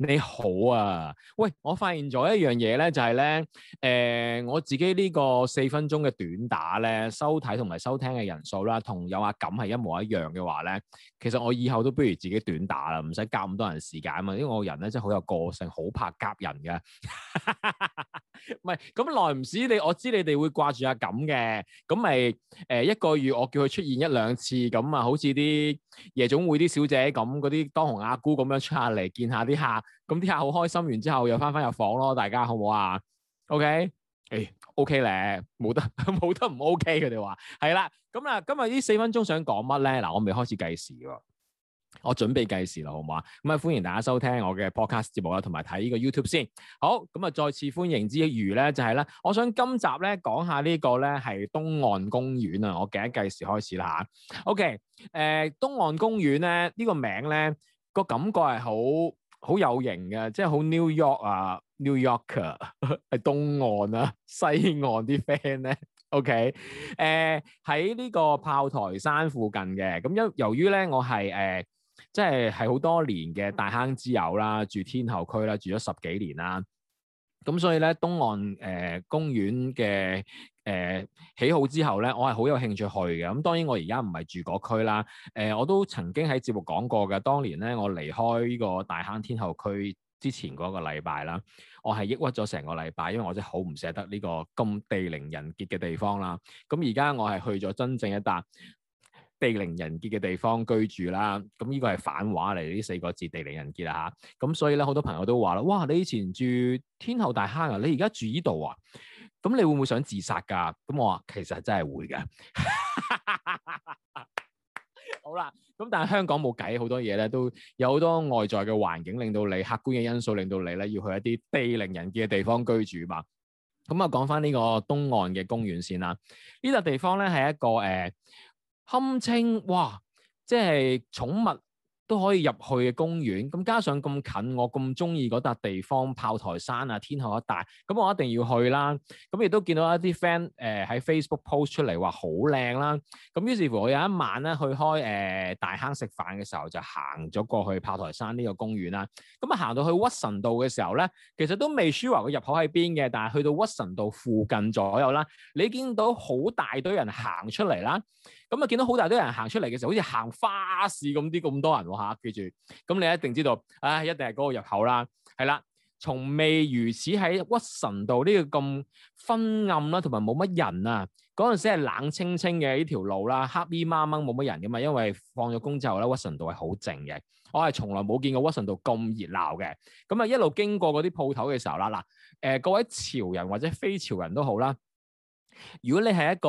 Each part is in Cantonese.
你好啊，喂！我發現咗一樣嘢咧，就係咧，誒我自己呢個四分鐘嘅短打咧，收睇同埋收聽嘅人數啦，同有阿錦係一模一樣嘅話咧，其實我以後都不如自己短打啦，唔使夾咁多人時間啊嘛，因為我人咧真係好有個性，好怕夾人嘅。唔係，咁耐唔使你我知你哋會掛住阿錦嘅，咁咪誒一個月我叫佢出現一兩次，咁啊好似啲夜總會啲小姐咁，嗰啲當紅阿姑咁樣出下嚟見下啲客。咁啲客好開心，完之後又返返入房咯，大家好唔好啊？OK，誒、欸、，OK 咧，冇得冇得唔 OK，佢哋話係啦。咁啊、嗯，今日呢四分鐘想講乜咧？嗱，我未開始計時喎，我準備計時啦，好唔好啊？咁、嗯、啊，歡迎大家收聽我嘅 podcast 節目啦，同埋睇呢個 YouTube 先。好，咁、嗯、啊，再次歡迎之餘咧，就係、是、咧，我想今集咧講下個呢個咧係東岸公園啊。我記得計時開始啦、啊、，OK，誒、呃，東岸公園咧呢、這個名咧個感覺係好。好有型嘅，即係好 New York 啊，New Yorker、啊、 東岸啊、西岸啲 friend 咧，OK，誒喺呢個炮台山附近嘅，咁因由於咧我係誒、呃、即係係好多年嘅大坑之友啦，住天后區啦，住咗十幾年啦，咁所以咧東岸誒、呃、公園嘅。誒、嗯、起好之後咧，我係好有興趣去嘅。咁、嗯、當然我而家唔係住嗰區啦。誒、呃，我都曾經喺節目講過嘅。當年咧，我離開呢個大坑天后區之前嗰一個禮拜啦，我係抑鬱咗成個禮拜，因為我真係好唔捨得呢個咁地靈人傑嘅地方啦。咁而家我係去咗真正一笪地靈人傑嘅地方居住啦。咁、嗯、呢、這個係反話嚟，呢四個字地靈人傑啦嚇。咁、嗯、所以咧，好多朋友都話啦，哇，你以前住天后大坑啊，你而家住依度啊？咁你會唔會想自殺㗎？咁我話其實真係會嘅。 好啦，咁但係香港冇計，好多嘢咧都有好多外在嘅環境令到你，客觀嘅因素令到你咧要去一啲地靈人傑嘅地方居住嘛。咁啊，講翻呢個東岸嘅公園先啦。呢笪地方咧係一個誒堪稱哇，即係寵物都可以入去嘅公園，咁加上咁近，我咁中意嗰笪地方，炮台山啊，天后一帶，咁我一定要去啦。咁亦都見到一啲、呃、friend 誒喺 Facebook post 出嚟話好靚啦。咁於是乎我有一晚咧去開誒、呃、大坑食飯嘅時候，就行咗過去炮台山呢個公園啦。咁啊行到去屈臣道嘅時候咧，其實都未 sure 個入口喺邊嘅，但係去到屈臣道附近左右啦，你見到好大堆人行出嚟啦。咁啊見到好大堆人行出嚟嘅時候，好似行花市咁啲咁多人喎、啊。嚇！記住，咁你一定知道，唉、啊，一定係嗰個入口啦，係啦，從未如此喺屈臣道呢個咁昏暗啦，同埋冇乜人啊，嗰陣時係冷清清嘅呢條路啦，黑煙濛掹冇乜人噶嘛，因為放咗工之後咧，屈臣道係好靜嘅，我係從來冇見過屈臣道咁熱鬧嘅，咁啊一路經過嗰啲鋪頭嘅時候啦，嗱、啊，誒、呃、各位潮人或者非潮人都好啦。如果你係一個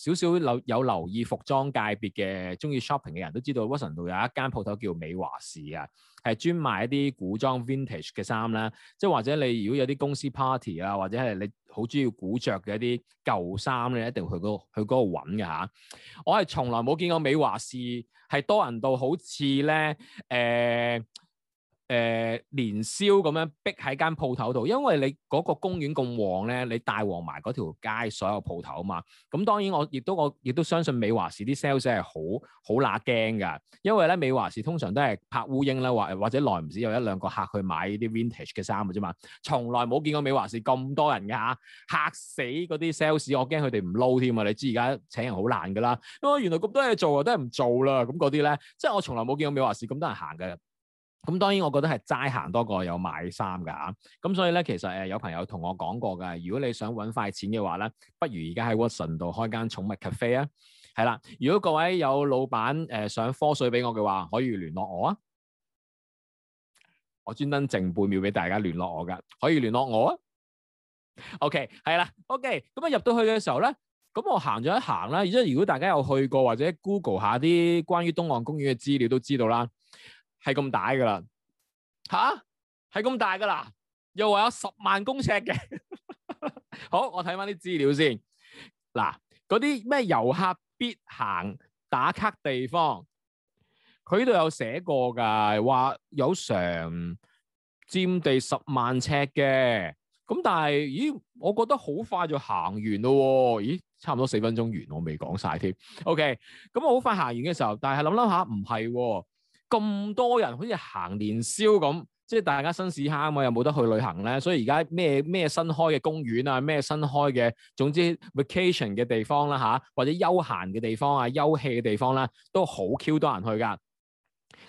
誒少少留有留意服裝界別嘅，中意 shopping 嘅人都知道 Watson 度有一間鋪頭叫美華士啊，係專賣一啲古裝 vintage 嘅衫啦。即係或者你如果有啲公司 party 猜猜啊，或者係你好中意古着嘅一啲舊衫，你一定去嗰去嗰度揾㗎吓。我係從來冇見過美華士係多人到好似咧誒。呃誒年、呃、宵咁樣逼喺間鋪頭度，因為你嗰個公園咁旺咧，你帶旺埋嗰條街所有鋪頭啊嘛。咁當然我亦都我亦都相信美華士啲 sales 係好好乸驚噶，因為咧美華士通常都係拍烏蠅啦，或者或者耐唔止有一兩個客去買啲 vintage 嘅衫嘅啫嘛，從來冇見過美華士咁多人嘅吓，嚇死嗰啲 sales，我驚佢哋唔撈添啊！你知而家請人好難噶啦，我、哦、原來咁多嘢做啊，都係唔做啦。咁嗰啲咧，即、就、係、是、我從來冇見過美華士咁多人行嘅。咁當然，我覺得係齋行多過有買衫噶嚇。咁所以咧，其實誒、呃、有朋友同我講過嘅，如果你想揾快錢嘅話咧，不如而家喺 Watson 度開間寵物 cafe 啊。係啦，如果各位有老闆誒、呃、想科水俾我嘅話，可以聯絡我啊。我專登靜半秒俾大家聯絡我噶，可以聯絡我啊。OK，係啦，OK。咁啊入到去嘅時候咧，咁我行咗一行啦。如果大家有去過或者 Google 下啲關於東岸公園嘅資料，都知道啦。係咁大噶啦，吓，係咁大噶啦，又話有十萬公尺嘅。好，我睇翻啲資料先。嗱，嗰啲咩遊客必行打卡地方，佢呢度有寫過噶，話有成佔地十萬尺嘅。咁但係，咦，我覺得好快就行完咯。咦，差唔多四分鐘完，我未講晒添。OK，咁我好快行完嘅時候，但係諗諗下，唔係。咁多人好似行年宵咁，即係大家新市坑啊，又冇得去旅行咧，所以而家咩咩新開嘅公園啊，咩新開嘅，總之 vacation 嘅地方啦、啊、吓，或者休閒嘅地方啊，休憩嘅地方啦、啊，都好 Q 多人去噶。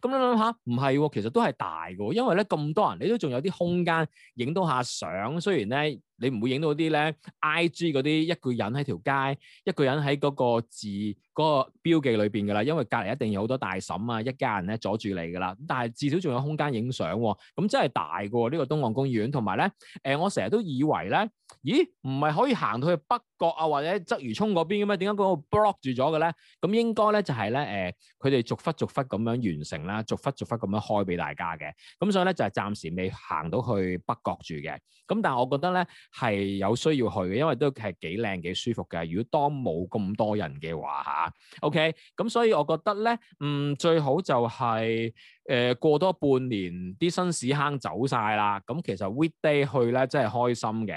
咁你諗諗下，唔係喎，其實都係大嘅，因為咧咁多人，你都仲有啲空間影到下相。雖然咧。你唔會影到啲咧，I G 嗰啲一個人喺條街，一個人喺嗰個字嗰、嗰個標記裏邊噶啦，因為隔籬一定有好多大嬸啊，一家人咧阻住你噶啦。但係至少仲有空間影相喎，咁、嗯、真係大噶呢、哦呢個東岸公園。同埋咧，誒、呃、我成日都以為咧，咦唔係可以行到去北角啊，或者鰂魚涌嗰邊噶咩？點解嗰度 block 住咗嘅咧？咁應該咧就係、是、咧，誒佢哋逐忽逐忽咁樣完成啦，逐忽逐忽咁樣開俾大家嘅。咁所以咧就係、是、暫時未行到去北角住嘅。咁但係我覺得咧。係有需要去嘅，因為都係幾靚幾舒服嘅。如果當冇咁多人嘅話嚇，OK。咁所以我覺得咧，嗯，最好就係誒過多半年啲新屎坑走曬啦。咁其實 weekday 去咧真係開心嘅。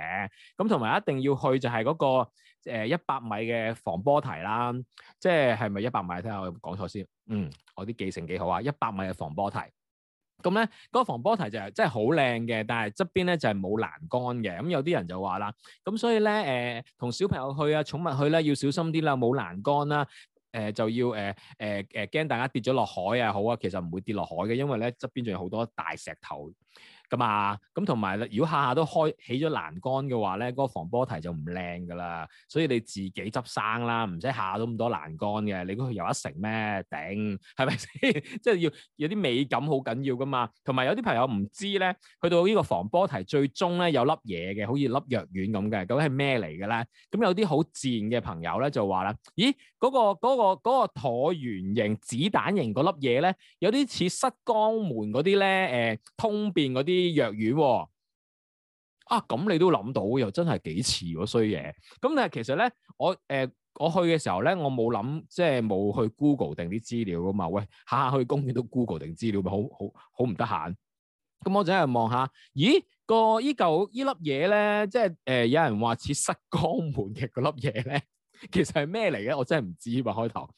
咁同埋一定要去就係嗰個誒一百米嘅防波堤啦。即係係咪一百米？睇下我講錯先。嗯，我啲記性幾好啊！一百米嘅防波堤。咁咧，嗰個防波堤就係真係好靚嘅，但係側邊咧就係、是、冇欄杆嘅。咁、嗯、有啲人就話啦，咁所以咧，誒、呃、同小朋友去啊、寵物去咧，要小心啲啦，冇欄杆啦，誒、呃、就要誒誒誒驚大家跌咗落海啊，好啊，其實唔會跌落海嘅，因為咧側邊仲有好多大石頭。噶嘛，咁同埋咧，如果下下都開起咗欄杆嘅話咧，嗰個防波堤就唔靚噶啦。所以你自己執生啦，唔使下到咁多欄杆嘅。你嗰個遊得成咩？頂，係咪先？即係要有啲美感好緊要噶嘛。同埋有啲朋友唔知咧，去到呢個防波堤最終咧有粒嘢嘅，好似粒藥丸咁嘅。究竟係咩嚟㗎咧？咁有啲好賤嘅朋友咧就話啦，咦，嗰個嗰個嗰個橢圓形子彈型嗰粒嘢咧，有啲似塞肛門嗰啲咧，誒，通便嗰啲。啲藥丸，啊咁你都諗到，又真係幾似嗰衰嘢。咁但係其實咧，我誒、呃，我去嘅時候咧，我冇諗，即係冇去 Google 定啲資料噶嘛。喂，下下去公園都 Google 定資料咪好好好唔得閒。咁、嗯、我就係望下，咦、這個依嚿依粒嘢咧，即係誒、呃、有人話似塞江門嘅嗰粒嘢咧，其實係咩嚟嘅？我真係唔知話開頭。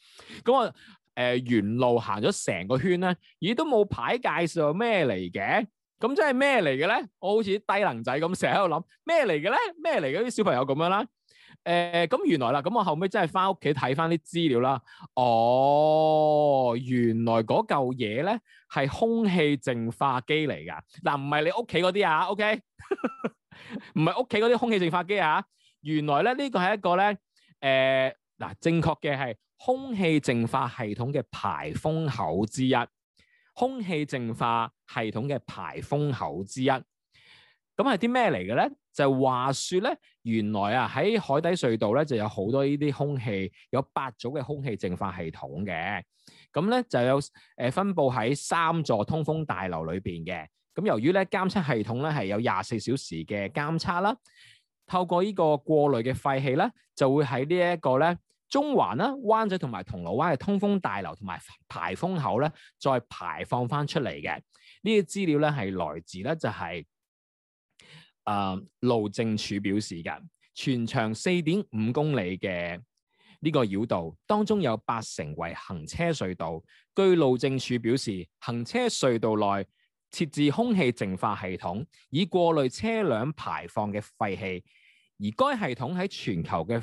咁、嗯、我誒沿、呃、路行咗成個圈咧，咦都冇牌介紹咩嚟嘅？咁即係咩嚟嘅咧？我好似低能仔咁，成日喺度諗咩嚟嘅咧？咩嚟嘅啲小朋友咁樣啦、啊？誒、呃、咁原來啦，咁我後尾真係翻屋企睇翻啲資料啦。哦，原來嗰嚿嘢咧係空氣淨化機嚟㗎。嗱、啊，唔係你屋企嗰啲啊，OK？唔係屋企嗰啲空氣淨化機啊。原來咧呢、呢個係一個咧誒嗱正確嘅係空氣淨化系統嘅排風口之一。空氣淨化系統嘅排風口之一，咁係啲咩嚟嘅咧？就話説咧，原來啊喺海底隧道咧就有好多呢啲空氣，有八組嘅空氣淨化系統嘅，咁咧就有誒分佈喺三座通風大樓裏邊嘅。咁由於咧監測系統咧係有廿四小時嘅監測啦，透過呢個過濾嘅廢氣咧就會喺呢一個咧。中環咧、灣仔同埋銅鑼灣嘅通風大樓同埋排風口咧，再排放翻出嚟嘅、這個、呢啲資料咧，係來自咧就係、是、誒、呃、路政署表示嘅，全長四點五公里嘅呢個繞道，當中有八成為行車隧道。據路政署表示，行車隧道內設置空氣淨化系統，以過濾車輛排放嘅廢氣，而該系統喺全球嘅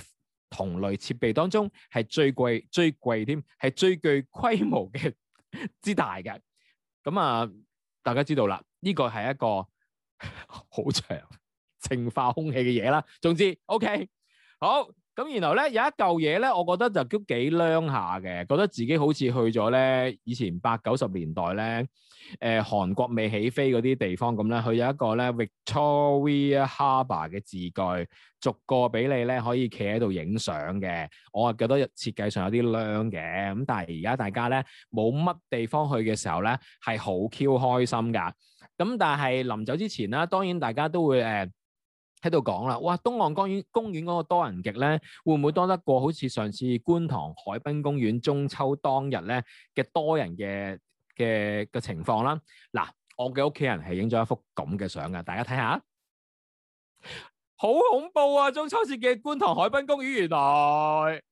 同類設備當中係最貴、最貴添，係最具規模嘅之大嘅。咁啊，大家知道啦，呢個係一個好長淨化空氣嘅嘢啦。總之，OK，好咁，然後咧有一嚿嘢咧，我覺得就叫幾靚下嘅，覺得自己好似去咗咧以前八九十年代咧。誒，韓、呃、國未起飛嗰啲地方咁啦，佢有一個咧 Victoria Harbour 嘅字句，逐個俾你咧可以企喺度影相嘅。我啊覺得設計上有啲娘嘅，咁但係而家大家咧冇乜地方去嘅時候咧，係好 Q 開心嘅。咁但係臨走之前啦，當然大家都會誒喺度講啦，哇，東岸公園公園嗰個多人極咧，會唔會多得過好似上次觀塘海濱公園中秋當日咧嘅多人嘅？嘅嘅情況啦，嗱，我嘅屋企人係影咗一幅咁嘅相㗎，大家睇下，好恐怖啊！中秋節嘅觀塘海濱公園，原來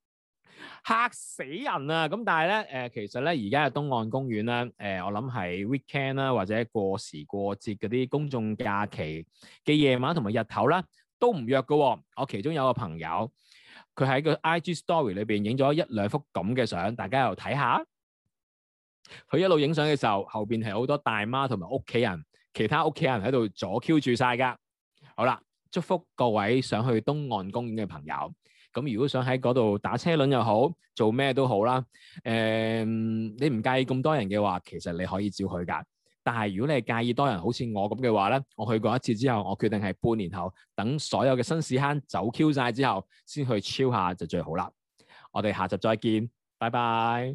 嚇死人啊！咁但係咧，誒，其實咧，而家嘅東岸公園咧，誒，我諗係 weekend 啦，或者過時過節嗰啲公眾假期嘅夜晚同埋日頭啦，都唔約㗎。我其中有個朋友，佢喺個 IG story 裏邊影咗一兩幅咁嘅相，大家又睇下。佢一路影相嘅時候，後邊係好多大媽同埋屋企人，其他屋企人喺度阻 Q 住晒噶。好啦，祝福各位想去東岸公園嘅朋友。咁如果想喺嗰度打車輪又好，做咩都好啦。誒、嗯，你唔介意咁多人嘅話，其實你可以照去噶。但係如果你係介意多人，好似我咁嘅話咧，我去過一次之後，我決定係半年後，等所有嘅新屎坑走 Q 晒之後，先去超下就最好啦。我哋下集再見，拜拜。